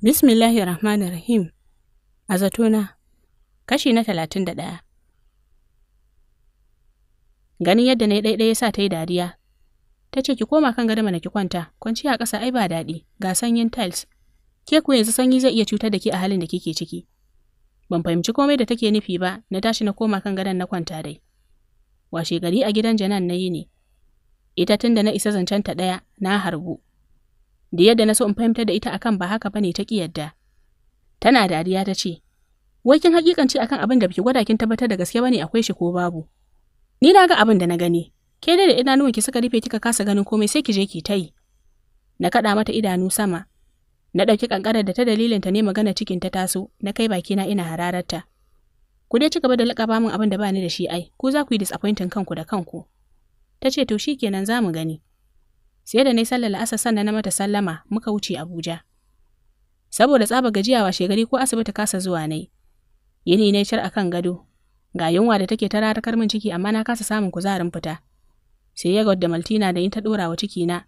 Bismillahir Rahmanir Rahim. A zatona, kashi na talatin da ɗaya. Ganin yadda na ɗaiɗai ya sa ta yi dariya, ta ce ki koma kan gada mana ki kwanta, kwanci a ƙasa ai ba daɗi, ga sanyin tiles. Ke ku yanzu sanyi zai iya cutar da ke a halin da kike ciki. Ban fahimci komai da take nufi ba, na tashi na koma kan gadon na kwanta dai. Washe gari a gidan Janan na yi ne. Ita tun da na isa zancen ta ɗaya, na harbu. da yadda na so in fahimtar da ita akan ba haka bane ta kiyarda. Tana dariya ta ce, Wai kin hakikanci akan abin da biki gwada kin tabbatar da gaske bane akwai shi ko babu. Ni na ga abin da na gani, ke dai da idanuwan ki suka rufe kika kasa ganin komai sai ki je ki ta Na kaɗa mata idanu sama. Na ɗauki ƙanƙarar da ta dalilin ta ne magana cikin ta taso, na kai baki na ina hararta. Ku dai ci gaba da laƙaba min abin da bani da shi ai, ku za ku yi disappointing kanku da kanku. Ta ce to shikenan za mu gani. sai da na yi sallar la'asar sannan na mata sallama muka wuce Abuja. Saboda tsaba gajiya washe gari ko asibiti kasa zuwa nai. Yini na shar akan gado. Ga yunwa da take ta karmin min ciki amma na kasa samun kuzarin fita. Sai ya da Maltina da in ta dora wa ciki na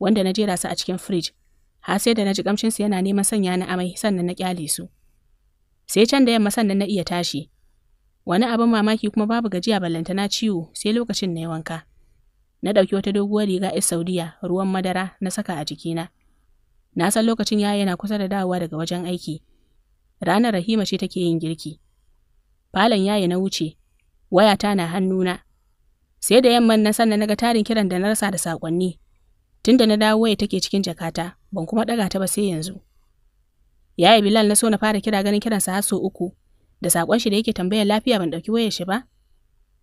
wanda na jera su a cikin fridge. Har sai da na ji kamshin su yana neman sanya na amai sannan na kyale su. Sai can da yamma sannan na iya tashi. Wani abin mamaki kuma babu gajiya na ciwo sai lokacin na yi wanka. Na ɗauki wata doguwar riga is Saudiya ruwan madara na saka a jikina. Na san lokacin yaya yana kusa da dawowa daga wajen aiki. Ranar Rahima ce take yin girki. Falon yaya na wuce, waya ta na hannuna. Sai da yamman na san na ga tarin kiran da na rasa da sakonni. Tun da na dawo waya take cikin jakata, ban kuma ɗaga ta ba sai yanzu. Yaya Bilal na so na fara kira ganin kiransa har sau uku, da sakon shi da yake tambayar lafiya ban ɗauki wayar shi ba.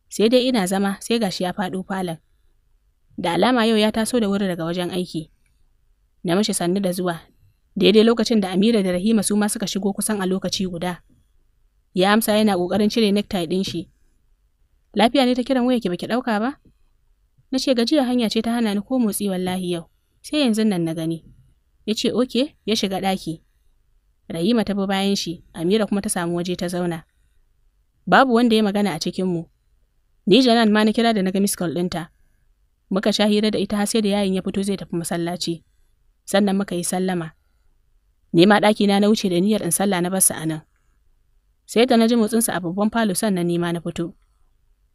Sai dai ina zama sai gashi ya faɗo falon. Da alama yau ya taso da wuri daga wajen aiki. Na mashi sannu da zuwa, daidai lokacin da Amira da Rahima su ma suka shigo kusan a lokaci guda. Ya amsa yana ƙoƙarin cire necktie ɗin shi. Lafiya ne ta kiran waya ki baki ɗauka ba? Na ce gajiya hanya ce ta hana ni ko motsi wallahi yau, sai yanzu nan na gani. Ya ce oke, ya shiga ɗaki. Rahima ta bi bayan shi, Amira kuma ta samu waje ta zauna. Babu wanda ya magana a cikinmu. Ni Janan ma na kira da na ga miss call ɗinta. Muka sha hira da ita har sai da yayin ya fito zai tafi masallaci. Sannan muka yi sallama. Nema ɗakina na na wuce da niyyar in sallah na barsa a Sai da na ji sa a babban falo sannan ma na fito.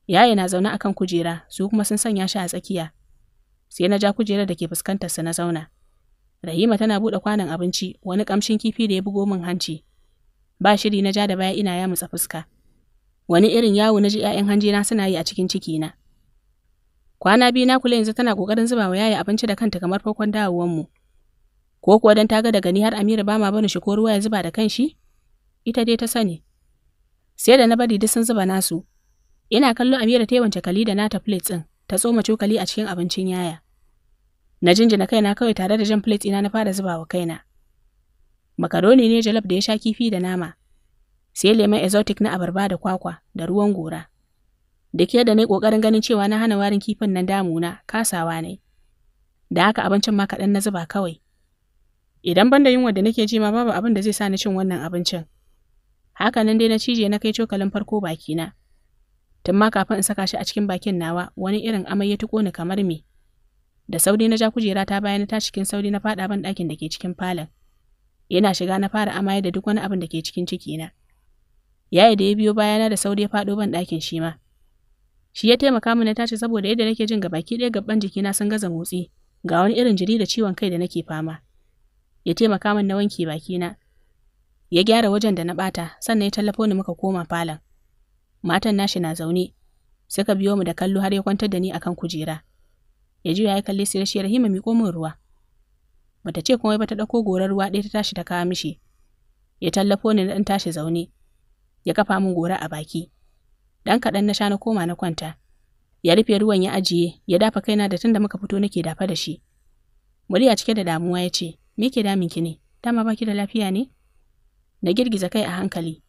Yaya na zaune akan kujera, su kuma sun sanya shi a tsakiya. Sai na ja kujerar da ke sa na zauna. Rahima tana buɗe kwanon abinci, wani kamshin kifi da ya bugo min hanci. Ba shiri na ja da baya ina ya mutsa fuska. Wani irin yawo na ji ‘ya'yan hanjina suna yi a cikin cikina. Kwana biyu na kula yanzu tana kokarin zuba wa yaya abinci da kanta kamar farkon dawowar mu. Ko kuwa dan ta ga da gani har Amira ba ma bani shi ko ruwa ya zuba da kanshi? Ita dai ta sani. Sai da na bari duk sun zuba nasu. Ina kallo Amira ta yi wance kali da nata plate ɗin, ta tsoma cokali a cikin abincin yaya. Na jinjina kaina kawai tare da jan plate ina na fara zuba wa kaina. Makaroni ne jalab da ya sha kifi da nama. Sai lemon exotic na abarba da kwakwa da ruwan gora. da yadda da yi ƙoƙarin ganin cewa na hana warin kifin nan damuna, kasawa ne. Da haka abincin ma kaɗan na zuba kawai. Idan ban da yunwa da nake ji ma babu abin da zai sa ni cin wannan abincin. Haka nan dai na cije na kai cokalin farko bakina. Tun ma kafin in saka shi a cikin bakin nawa, wani irin amai ya tuƙo ni kamar me. Da sauri na ja kujera ta bayan ta cikin sauri na faɗa ban ɗakin da ke cikin falon. Yana shiga na fara amaye da duk wani abin da ke cikin ciki na. Yaya da ya biyo bayana da sauri ya faɗo ban ɗakin shi ma. Shi ya taimaka mana ta tace saboda yadda nake jin gabaki ɗaya gaban jikina sun gaza motsi, ga wani irin jiri da ciwon kai da nake fama. Ya taimaka min na wanke bakina. Ya gyara wajen da na bata, sannan ya tallafo ni muka koma falon. Matan nashi na zaune, suka biyo mu da kallo har ya kwantar da ni akan kujera. Ya juya ya kalle sai rashi Rahima miƙo min ruwa. Bata ce komai ba ta ɗauko gorar ruwa ɗaya ta tashi ta kawo mishi. Ya tallafo ni na ɗan tashi zaune. Ya kafa min gora a baki. Dan kaɗan na sha na koma na kwanta. Ya rufe ruwan ya ajiye, ya dafa kaina da tunda muka fito nake dafa da shi. Murya cike da damuwa ya ce, "Me ke ki ne? Dama baki da lafiya ne?" Na girgiza kai a hankali.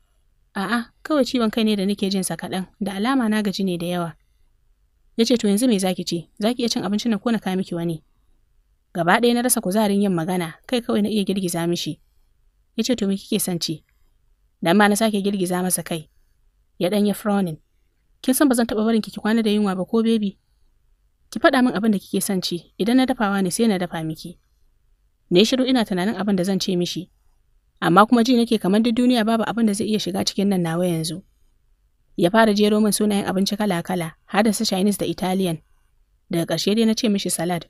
A'a, kawai ciwon kai ne da nake jin sa kaɗan, da alama na gaji ne da yawa. Ya ce, "To yanzu me zaki ci? Zaki iya cin abincin na ko na miki wani?" Gaba ɗaya na rasa kuzarin yin magana, kai kawai na iya girgiza mishi. Ya ce, "To me kike son ci?" Dan ma na sake girgiza masa kai. Ya ɗan yi frowning. kin san ba zan taɓa barin ki ki kwana da yunwa ba ko bebi ki faɗa min abin da kike son ci idan na dafawa ne sai na dafa miki ne shiru ina tunanin abin da zan ce mishi amma kuma ji nake kamar duk duniya babu abin da zai iya shiga cikin nan nawa yanzu ya fara jero min sunayen abinci kala-kala har da su Chinese da Italian daga ƙarshe dai na ce mishi salad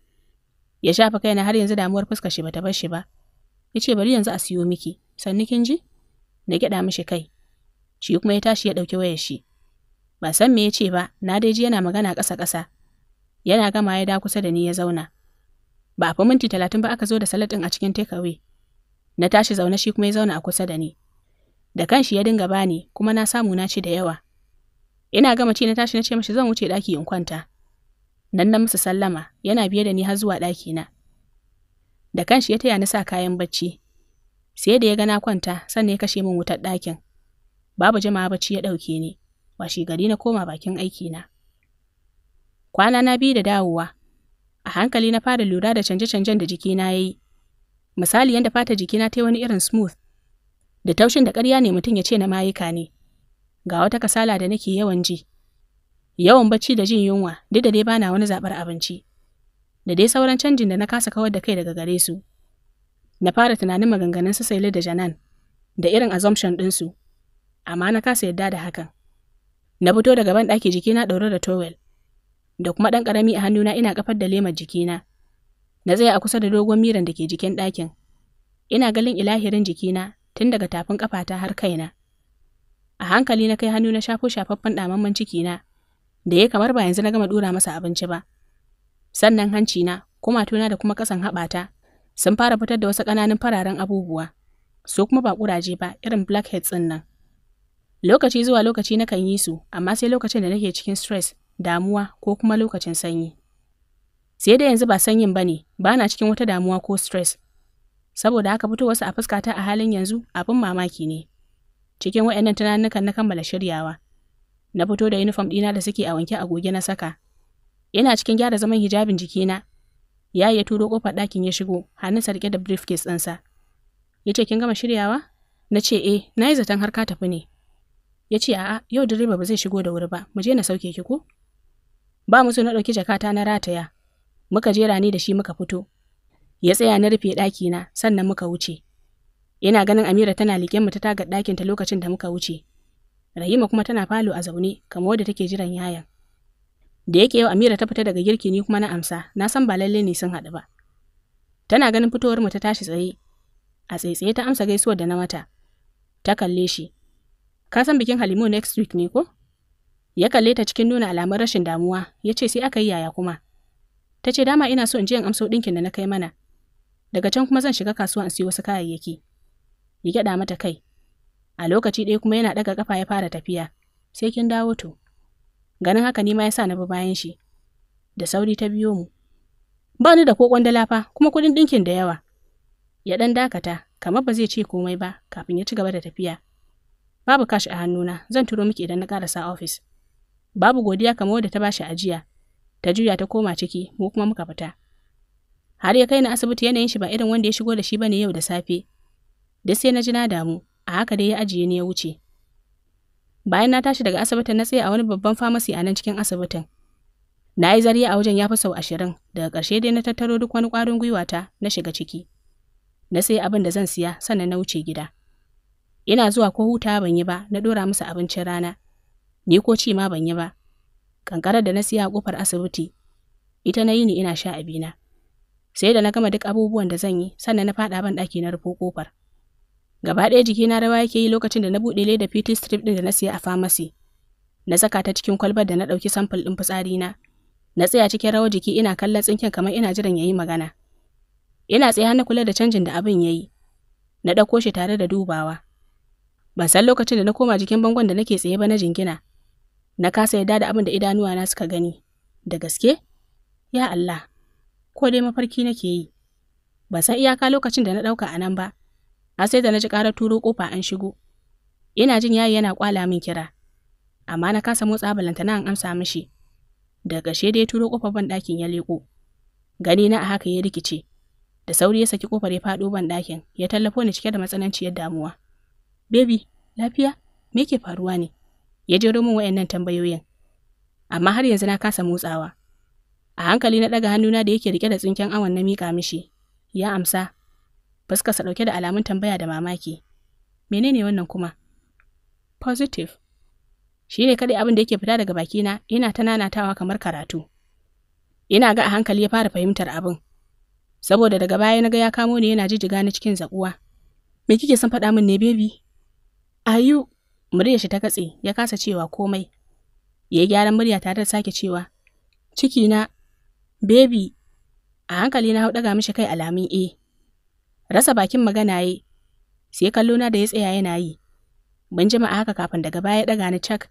ya shafa kaina har yanzu damuwar fuskar shi bata bar shi ba ya ce bari yanzu a siyo miki sannu kin ji na gyaɗa mishi kai shi kuma ya tashi ya ɗauki wayar shi Ba san me ya ce ba, na dai ji yana magana ƙasa-ƙasa. Yana gama ya da kusa da ni ya zauna. Ba a fi minti talatin ba aka zo da salatin a cikin takeaway. Na tashi zaune shi kuma ya zauna a kusa da ni. Da kanshi ya dinga bani kuma na samu na ci da yawa. Ina gama ci na tashi na ce mashi zan wuce ɗaki in kwanta. Nan na musu sallama yana biye da ni har zuwa ɗaki na Da kanshi ya taya ni sa kayan bacci. Sai da ya gana kwanta sannan ya kashe min wutar ɗakin. Babu jama'a bacci ya ɗauke ni. washe gari na koma bakin aikina. Kwana na biyu da dawowa, a hankali na fara lura da canje-canjen da jikina ya yi. Misali yadda fata jikina ta yi wani irin smooth, da taushin da ƙarya ne mutum ya ce na mayuka ne. Ga wata kasala da nake yawan ji, yawan bacci da jin yunwa duk da dai bana wani zaɓar abinci, da dai sauran canjin da na kasa kawar da kai daga gare su. Na fara tunanin maganganun su da Janan, da irin assumption ɗinsu, amma na kasa yarda da hakan. Na fito daga ban ɗaki jikina ɗaure da towel, da kuma ɗan ƙarami a hannuna ina kafar da lemar jikina. Na tsaya a kusa da dogon miran da ke jikin ɗakin. Ina galin ilahirin jikina tun daga tafin ƙafata har kaina. A hankali na kai hannu na shafo shafaffen ɗamamman cikina, da ya kamar ba yanzu na gama ɗura masa abinci ba. Sannan hanci na, hancina, kumatuna da kuma ƙasan haɓata sun fara fitar da wasu ƙananan fararen abubuwa, su kuma ba ƙuraje ba irin blackheads ɗin nan. Lokaci zuwa lokaci nakan yi su, amma sai lokacin da nake cikin stress, damuwa ko kuma lokacin sanyi. Sai da yanzu ba sanyin ba ne, ba na cikin wata damuwa ko stress. Saboda haka fito wasu a fuskata a halin yanzu abin mamaki ne. Cikin wayannan tunanukan na kammala shiryawa. Na fito da uniform ɗina da suke a wanke a goge na saka. Ina cikin gyara zaman hijabin jikina. Ya ya turo ƙofar ɗakin ya shigo, hannunsa riƙe da briefcase ɗinsa. Ya ce, Kin gama shiryawa? Na ce, Eh, na yi zaton har ka tafi ne. ya ce a'a yau direba ba zai shigo da wuri ba mu je na sauke ki ko ba mu so na ɗauki jakata na rataya muka jera ni da shi muka fito ya tsaya na rufe na sannan muka wuce ina ganin amira tana liken mu ta dakin ta lokacin da muka wuce rahima kuma tana falo a zaune kamar wadda take jiran yayan da yake yau amira ta fita daga girki ni kuma na amsa na san ba lalle ne sun haɗu ba tana ganin fitowar mu ta tashi tsaye a tsaitsaye ta amsa gaisuwar da na mata ta kalle shi Ka san bikin Halimu next week ne ko? Ya kalle ta cikin nuna alamar rashin damuwa, ya ce sai aka yi yaya kuma. Ta ce dama ina so in je in amso ɗinkin da na kai mana. Daga can kuma zan shiga kasuwa in siyo wasu kayayyaki. Ya gyaɗa mata kai. A lokaci ɗaya kuma yana ɗaga ƙafa ya fara tafiya. Sai kin dawo to. Ganin haka ni ma ya sa na bi bayan shi. Da sauri ta biyo mu. Ba ni da ko ƙwandala fa, kuma kuɗin ɗinkin da yawa. Ya ɗan dakata, kamar ba zai ce komai ba kafin ya ci gaba da tafiya. Babu kashi a hannuna, zan turo miki idan na karasa ofis. Babu godiya kamar wadda ta bashi ajiya. Ta juya ta koma ciki, mu kuma muka fita. Har ya kai na asibiti yanayin shi ba irin wanda ya shigo da shi bane yau da safe. Da sai na ji na damu, a haka dai ya ajiye ni ya wuce. Bayan na tashi daga asibitin na tsaye a wani babban famasi a nan cikin asibitin. Na yi zariya a wajen ya fi sau ashirin, daga ƙarshe dai na tattaro duk wani ƙwarin gwiwata na shiga ciki. Na sayi abin da zan siya sannan na wuce gida. Ina zuwa ko huta ban yi ba, na dora musu abincin rana. Ni ko ci ma ban yi ba. Ƙanƙarar da na siya a ƙofar asibiti, ita na yi ni ina sha abina. Sai da na gama duk abubuwan da zan yi, sannan na faɗa ban ɗaki na rufo kofar. Gaba ɗaya jiki na rawa yake yi lokacin da na buɗe leda PT strip ɗin da na siya a famasi. Na saka ta cikin kwalbar da na ɗauki samfur ɗin fitsari Na Na tsaya cikin rawar jiki ina kallon tsinken kamar ina jiran ya yi magana. Ina tsaye na kula da canjin da abin ya yi. Na ɗauko shi tare da dubawa. Ban san lokacin da na koma jikin bangon da nake tsaye ba na jingina. Na kasa yadda da abin da idanuwa na suka gani. Da gaske? Ya Allah, ko dai mafarki nake yi. Ban san iyaka lokacin da na ɗauka a nan ba. Har sai da na ji ƙarar turo kofa an shigo. Ina jin yayi yana kwala min kira. Amma na kasa motsa balantana an amsa mishi. Da gashe dai turo ƙofar ban dakin ya leko Gani na a haka ya rikice. Da sauri ya saki kofar ya faɗo ban dakin ya tallafo ni cike da matsananciyar damuwa. Baby, lafiya? Me ke faruwa ne? Ya jero min wayannan tambayoyin. Amma har yanzu na kasa motsawa. A hankali na ɗaga hannuna da yake rike da tsinken awon na miƙa mishi. Ya amsa. sa ɗauke da alamun tambaya da mamaki. Menene wannan kuma? Positive. Shi ne kaɗai abin da yake fita daga bakina ina ta nanatawa kamar karatu. Ina ga a hankali ya fara fahimtar abin. Saboda daga baya na ga ya kamo ni yana jijjiga ni cikin zaƙuwa. Me kike son faɗa min ne, baby? ayu muryar shi ta katse ya kasa cewa komai ya yi gyaran murya tare da sake cewa ciki na baby a hankali na daga mishi kai alamin e eh. rasa bakin magana ya sai kallo na da ya tsaya yana yi ban jima a haka kafin daga baya ya daga ni cak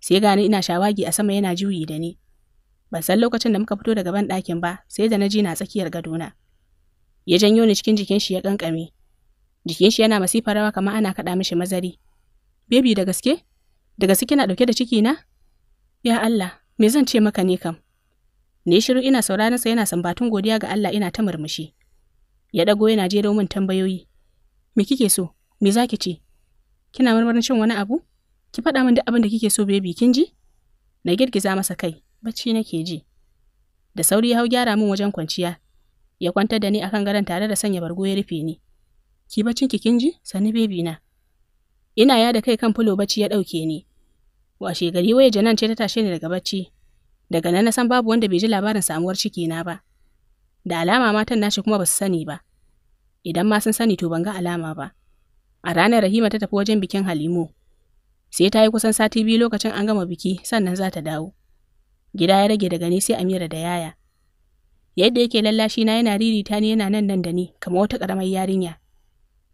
sai gani ina shawagi a sama yana juyi da ni ban san lokacin da muka fito daga ban ɗakin ba sai da na ji na tsakiyar gadona ya janyo ni cikin jikin shi ya kankame Jikin shi yana masifar rawa kamar ana kaɗa mishi mazari. Baby da gaske? Da gaske kina ɗauke da ciki na? Ya Allah, me zan ce maka ne kam? Ne shiru ina sauraron sa yana sambatun godiya ga Allah ina ta murmushi. Ya dago yana jero min tambayoyi. Me kike so? Me zaki ce? Kina murmurin cin wani abu? Ki faɗa min duk abin da kike so bebi kin ji? Na girgiza masa kai, bacci nake ji. Da sauri ya hau gyara min wajen kwanciya. Ya kwantar da ni akan gadon tare da sanya bargo ya rufe ni. Ki baccin ki kin ji? Sani bebi na. Ina ya da kai kan fulo bacci ya dauke ni. Washe gari waya Janan ce ta tashe ni daga bacci. Daga nan na san babu wanda bai ji labarin samuwar ciki na ba. Da alama matan nashi kuma ba su sani ba. Idan ma sun sani to ban ga alama ba. A ranar Rahima ta tafi wajen bikin Halimu. Sai ta yi kusan sati biyu lokacin an gama biki sannan za ta dawo. Gida ya rage daga ni sai Amira da Yaya. Yadda yake lallashi na yana ririta ni yana nan nan da ni kamar wata karamar yarinya.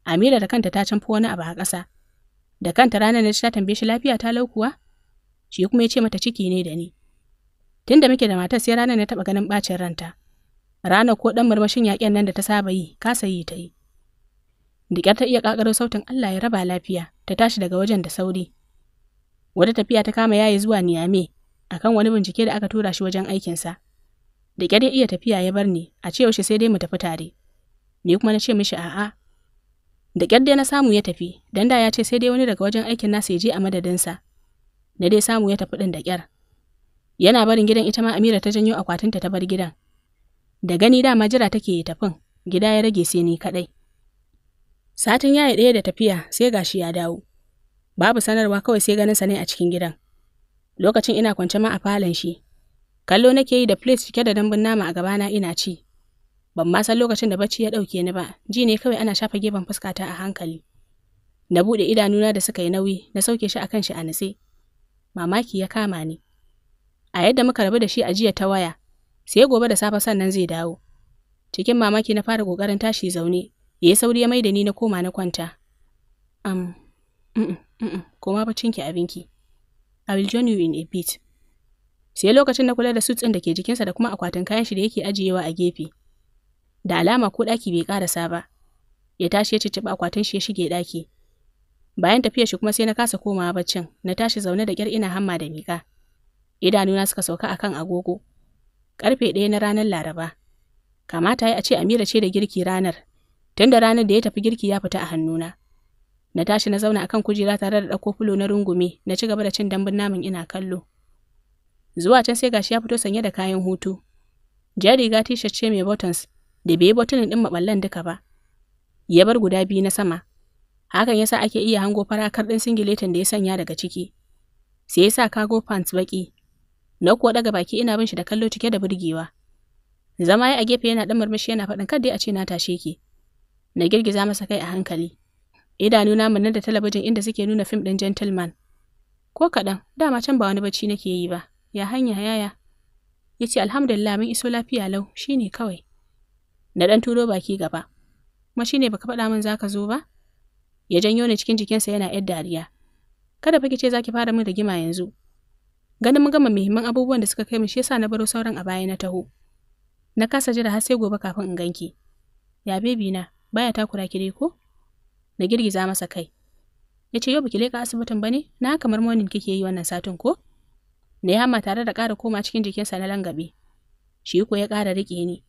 Amira da kanta ta canfa wani abu a ƙasa. Da kanta ranar da ta tambaye shi lafiya ta lau kuwa? Shi kuma ya ce mata ciki ne da ni. Tunda muke da matar sai ranar na taɓa ganin ɓacin ranta. Ranar ko ɗan murmushin yaƙen nan da ta saba yi, kasa yi ta yi. Dikar ta iya ƙaƙaro sautin Allah ya raba lafiya, ta tashi daga wajen da sauri. Wata tafiya ta kama yayi zuwa Niyame, akan wani bincike da aka tura shi wajen aikinsa. Da ya iya tafiya ya bar ni, a ce yaushe sai dai mu tafi tare. Ni kuma na ce mishi a'a, Da ƙyar dai na samu ya tafi, dan da ya ce sai dai wani daga wajen aikin nasa ya je a madadinsa. Na dai samu ya tafi ɗin da ƙyar. Yana barin gidan ita ma Amira ta janyo akwatinta ta bar gidan. Da gani dama jira take yi tafin, gida ya rage sai ni kaɗai. Satin yayi ɗaya da tafiya sai gashi ya dawo. Babu sanarwa kawai sai ganin sa ne a cikin gidan. Lokacin ina kwance ma a falon shi. Kallo nake yi da plate cike da dambun nama a gabana ina ci. ban ma san lokacin da bacci ya ɗauke ni ba ji ne kawai ana shafa gefen fuskata a hankali na buɗe idanuna da suka yi nauyi na sauke shi akan shi a natse mamaki ya kama ni a yadda muka rabu da shi a jiya ta waya sai gobe da safe sannan zai dawo cikin mamaki na fara kokarin tashi zaune ya yi sauri ya mai da ni na koma na kwanta am um, koma baccin ki abinki i will join you in a bit sai lokacin na kula da suits din da ke jikinsa da kuma akwatin kayan shi da yake ajiyewa a gefe Da alama ko ɗaki bai ƙarasa ba. Ya tashi ya cicciɓa akwatin shi ya shige ɗaki. Bayan tafiyar shi kuma sai na kasa komawa baccin, na tashi zaune da ƙyar ina hamma da miƙa. Idanuna suka sauka akan agogo. Ƙarfe ɗaya na ranar Laraba. Kamata ya a ce Amira ce da girki ranar, tunda ranar da ya tafi girki ya fita a hannuna. Na tashi na zauna akan kujera tare da ɗauko fulo na rungume, na ci gaba da cin dambun namun ina kallo. Zuwa can sai gashi ya fito sanye da kayan hutu. Jari riga t-shirt ce mai buttons da bai yi din ɗin maɓallan duka ba. Ya bar guda biyu na sama. Hakan yasa ake iya hango farakar ɗin singiletin da ya sanya daga ciki. Sai ya sa kago pants baƙi. Na kuwa daga baki ina bin shi da kallo cike da burgewa. Zama ya a gefe yana ɗan murmushi yana faɗin dai a ce na tashe ki. Na girgiza masa kai a hankali. Idanuna mun da talabijin inda suke nuna fim ɗin gentleman. Ko kaɗan, dama can ba wani bacci nake yi ba. Ya hanya yaya. Ya ce alhamdulillah mun iso lafiya lau, shine kawai. Na ɗan turo baki gaba. Kuma shi ne baka faɗa min za ka zo ba? Ya janyo ni cikin jikinsa yana ‘yar dariya. Kada fa ce za ki fara min rigima yanzu. Ganin mun gama muhimman abubuwan da suka kai mu shi yasa na baro sauran a baya na taho. Na kasa jira har sai gobe kafin in ganki. Ya bebi na, baya takura ki dai ko? Na girgiza masa kai. Ya ce yau ki leƙa asibitin ba ne? Na kamar morning kike yi wannan satin ko? Na hama tare da ƙara koma cikin jikinsa na langabe. Shi ko ya ƙara riƙe ni.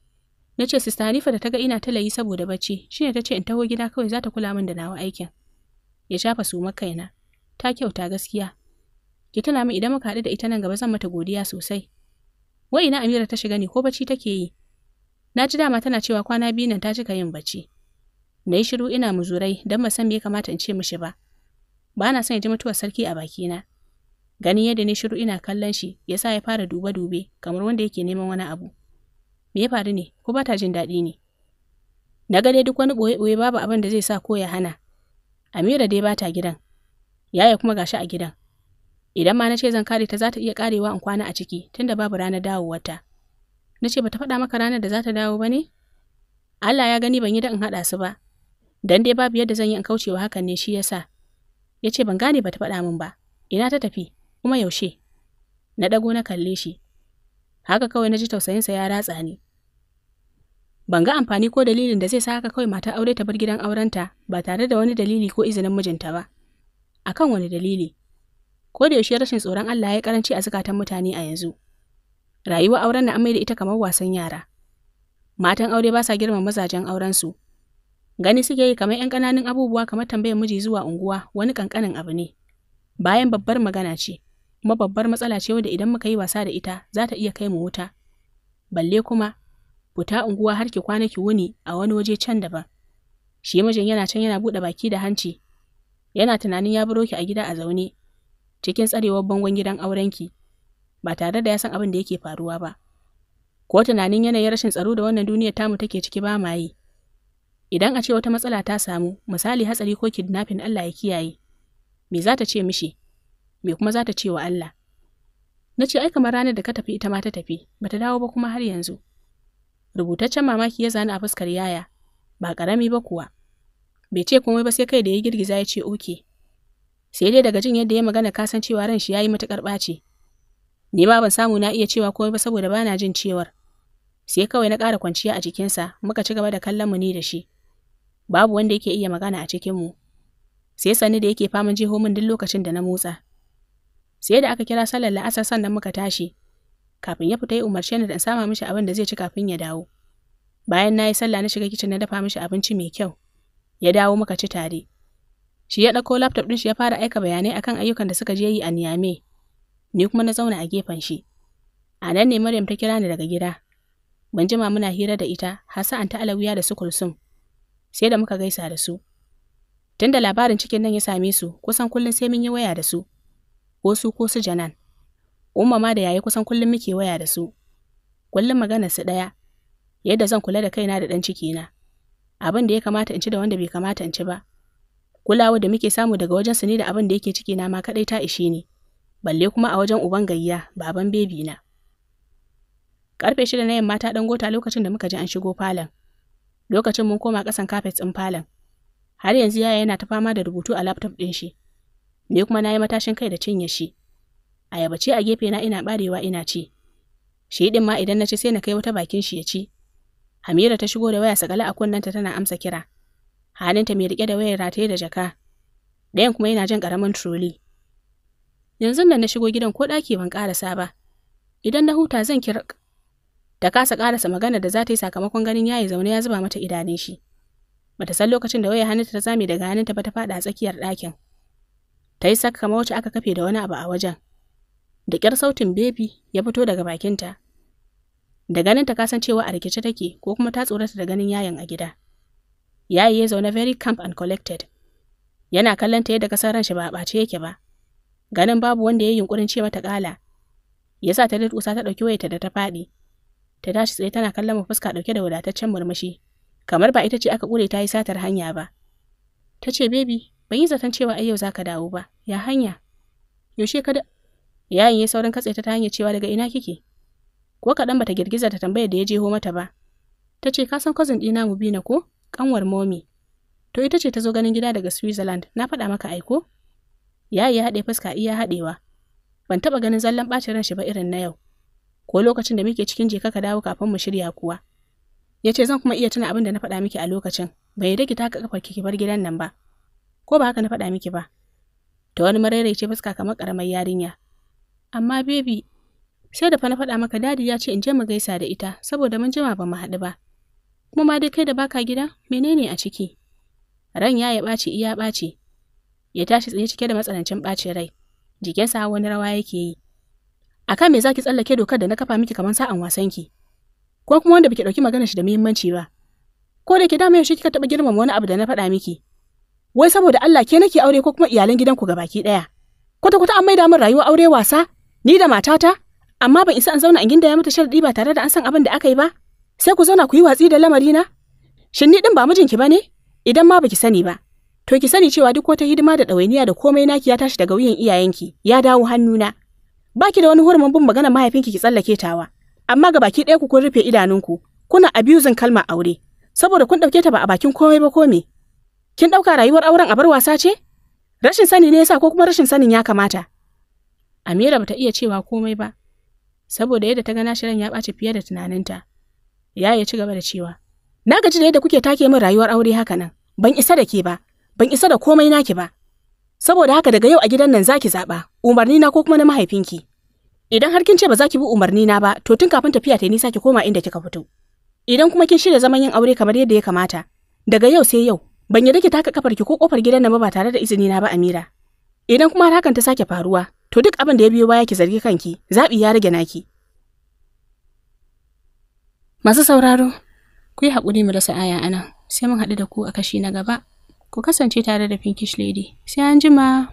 Na ce sista Hanifa da ta ga ina talayi saboda bacci, ne ta ce in taho gida kawai za ta kula min da nawa aikin. Ya shafa su na Ta kyauta gaskiya. Ki tana min idan muka haɗu da ita nan gaba zan mata godiya sosai. Wai ina Amira ta shiga ne ko bacci take yi? Na ji dama tana cewa kwana biyu nan ta cika yin bacci. Na yi shiru ina muzurai don ba san me ya kamata in ce mishi ba. Ba na son ya ji mutuwar sarki a bakina. Ganin yadda ni shiru ina kallon shi, ya sa ya fara dube-dube kamar wanda yake neman wani abu. me ya faru ne ko ba ta jin daɗi ne na ga dai duk wani ɓoye-ɓoye babu abin da zai sa ko ya hana amira dai ba ta gidan yaya kuma gashi a gidan idan ma na ce zan kare ta za ta iya karewa in kwana a ciki tunda babu ranar dawowarta na ce ba ta faɗa maka ranar da za ta dawo ba ne Allah ya gani ban yi da in haɗa su ba dan dai babu yadda zan yi in kaucewa hakan ne shi yasa ya ce ban gane ba ta faɗa min ba ina ta tafi kuma yaushe na ɗago na kalle shi haka kawai na ji tausayinsa ya ratsa ni Ban ga amfani ko dalilin da zai sa haka kawai mata aure ta bar gidan aurenta ba tare da wani dalili ko izinin mijinta ba. Akan wani dalili? Ko da yaushe rashin tsoron Allah ya karanci a zukatan mutane a yanzu. Rayuwar auren na amai da ita kamar wasan yara. Matan aure ba sa girmama mazajen su Gani suke yi kamar 'yan ƙananan abubuwa kamar tambayar miji zuwa unguwa wani kankanin abu ne. Bayan babbar magana ce, kuma babbar matsala ce wanda idan muka yi wasa da ita za ta iya kai mu wuta. Balle kuma fita unguwa har ki kwana ki wuni a wani waje can daban. Shi mijin yana can yana buɗe baki da hanci, yana tunanin ya buro ki a gida a zaune, cikin tsarewar bangon gidan aurenki, ba tare da ya san abin da yake faruwa ba. Ko tunanin yanayin rashin tsaro da wannan duniyar tamu take ciki ba ma yi. Idan a ce wata matsala ta samu, misali hatsari ko kidnapping Allah ya kiyaye, me za ta ce mishi, me kuma za ta ce wa Allah? Na ce ai kamar ranar da ka tafi ita ma ta tafi, bata dawo ba kuma har yanzu. Rubutaccen mamaki ya zani a fuskar yaya, ba ƙarami ba kuwa. Bai ce komai ba sai kai da ya girgiza ya ce oke. Sai dai daga jin yadda ya magana kasan cewa ran shi ya yi matuƙar ɓaci. Ni ma ban samu na iya cewa komai ba saboda bana jin cewar. Sai kawai na ƙara kwanciya a jikinsa muka ci gaba da kallon mu ni da shi. Babu wanda yake iya magana a cikin mu Sai sani da yake faman jeho min duk lokacin da na motsa. Sai da aka kira sallar la'asar sannan muka tashi. kafin ya fita ya umarce ni da in sama mishi abin da zai ci kafin ya dawo. Bayan na yi sallah na shiga kicin na dafa mishi abinci mai kyau. Ya dawo muka ci tare. Shi ya ɗauko laptop din shi ya fara aika bayanai akan ayyukan da suka je yi a Niamey. Ni kuma na zauna a gefen shi. A nan ne Maryam ta kira ni daga gida. Ban jima muna hira da ita, har sa'an ta alawiya da su kulsum. Sai da muka gaisa da su. Tunda labarin cikin nan ya same su, kusan kullum sai mun yi waya da su. Ko su ko su Janan. Umma ma da yayi kusan kullum muke waya da su. Kullum magana su ɗaya. Yadda zan kula da kaina da ɗan cikina. Abin da ya kamata in ci da wanda bai kamata in ci ba. Kulawa da muke samu daga wajen su ne da abin da yake cikina ma kaɗai ta ishe ne. Balle kuma a wajen uban gayya, baban bebi na. Karfe shida na yamma ta ɗan gota lokacin da muka ji an shigo falon. Lokacin mun koma ƙasan kafet ɗin falon. har yanzu yaya yana ta fama da rubutu a laptop ɗin shi, ni kuma na yi matashin kai da cinye shi. ayaba ce a gefe na ina barewa ina ci shi din ma idan na ci sai na kai wata bakin shi ya ci Hamira ta shigo da waya sakala a kunnanta tana amsa kira halinta mai rike da wayar rataye da jaka ɗayan kuma yana jin ƙaramin troli yanzu nan na shigo gidan ko ɗaki ban ƙarasa ba idan na huta zan kira ta kasa ƙarasa magana da za ta yi sakamakon ganin yayi zaune ya zuba mata idanun shi bata san lokacin da wayar hannunta ta zame daga hannunta ba ta faɗa a tsakiyar ɗakin ta yi saka kamar wacce aka kafe da wani abu a wajen Da ƙyar sautin bebi ya fito daga bakinta. Da ganin ganinta kasan cewa a rikice take ko kuma ta tsorata da ganin yayan a gida. Yayi ya zaune very camp and collected. Yana kallon ta yadda kasar ranshi ba a ɓace yake ba. Ganin babu wanda ya yi yunkurin ce mata ƙala. Ya sa ta kusa ta ɗauki wayarta da ta faɗi. Ta tashi tsaye tana kallon fuska ɗauke da wadataccen murmushi. Kamar ba ita ce aka ƙure ta yi satar hanya ba. Ta ce, Baby, ban yi zaton cewa ai yau za ka dawo ba, ya hanya. Yaushe ka da Yayin ya saurin katse ta ta hanyar cewa daga ina kike? Ko kaɗan bata girgiza ta tambayar da ya jeho mata ba. Ta ce ka san cousin ɗina Mubina ko? Kanwar momi. To ita ce ta zo ganin gida daga Switzerland, na faɗa maka aiko? Yayi ya haɗe fuska iya haɗewa. Ban taɓa ganin zallan ɓacin ran shi ba irin na yau. Ko lokacin da muke cikin jeka ka dawo kafin mu shirya kuwa. Ya ce zan kuma iya tuna abin da na faɗa miki a lokacin, bai yi ki taka kafar ki bar gidan nan ba. Ko ba haka na faɗa miki ba? Ta wani ce fuska kamar ƙaramar yarinya. Amma baby, sai da fa na faɗa maka dadi ya ce in je mu gaisa da ita saboda mun jima ba mu haɗu ba. Kuma ma dai kai da baka gida menene a ciki? Ran ya ya ɓaci iya ɓaci. Ya tashi tsaye cike da matsanancin ɓacin rai. Jikinsa wani rawa yake yi. A kan me zaki tsallake dokar da na kafa miki kamar sa'an wasanki? Ko kuma wanda baki ɗauki magana shi da muhimmanci ba? Ko da ke dama yaushe kika taɓa girmama wani abu da na faɗa miki? Wai saboda Allah ke nake aure ko kuma iyalan gidanku gabaki ɗaya? Kwata-kwata an maida min rayuwa aure wasa? Ni da matata, amma ban isa an zauna in gindaya mata sharadi ba tare da an san abin da aka yi ba? Sai ku zauna ku yi watsi da lamari na? Shin ni din ba mijinki ba ne? Idan ma baki sani ba. To ki sani cewa duk wata hidima da ɗawainiya da komai naki ya tashi daga wuyan iyayenki, ya dawo hannuna. Ba ki da wani hurumin bin magana mahaifinki ki tsallake tawa. Amma ga baki ɗaya ku kun rufe idanunku, kuna zan kalma aure, saboda kun ɗauke ta ba a bakin komai ba kome. Kin ɗauka rayuwar auren a bar wasa ce? Rashin sani ne yasa ko kuma rashin sanin ya kamata. Amira bata iya cewa komai ba, saboda yadda ta ga ran ya ɓaci fiye da tunaninta. Ya ya ci gaba da cewa, Na gaji da yadda kuke take min rayuwar aure haka nan, ban isa da ke ba, ban isa da komai naki ba. Saboda haka daga yau a gidan nan zaki zaɓa, umarni na ko kuma na mahaifinki. Idan har kin ce ba za ki bi umarni na ba, to tun kafin tafiya ta nisa ki koma inda kika fito. Idan kuma kin shirya zaman yin aure kamar yadda ya kamata, daga yau sai yau, ban yi ki taka kafar ki ko kofar gidan nan ba tare da izini na ba Amira. Idan kuma hakan ta sake faruwa, to duk abin da ya biyo baya ki zargi kanki zaɓi ya rage naki masu sauraro ku yi haƙuri mu rasa aya ana sai mun haɗu da ku a kashi na gaba ku kasance tare da pinkish lady sai an jima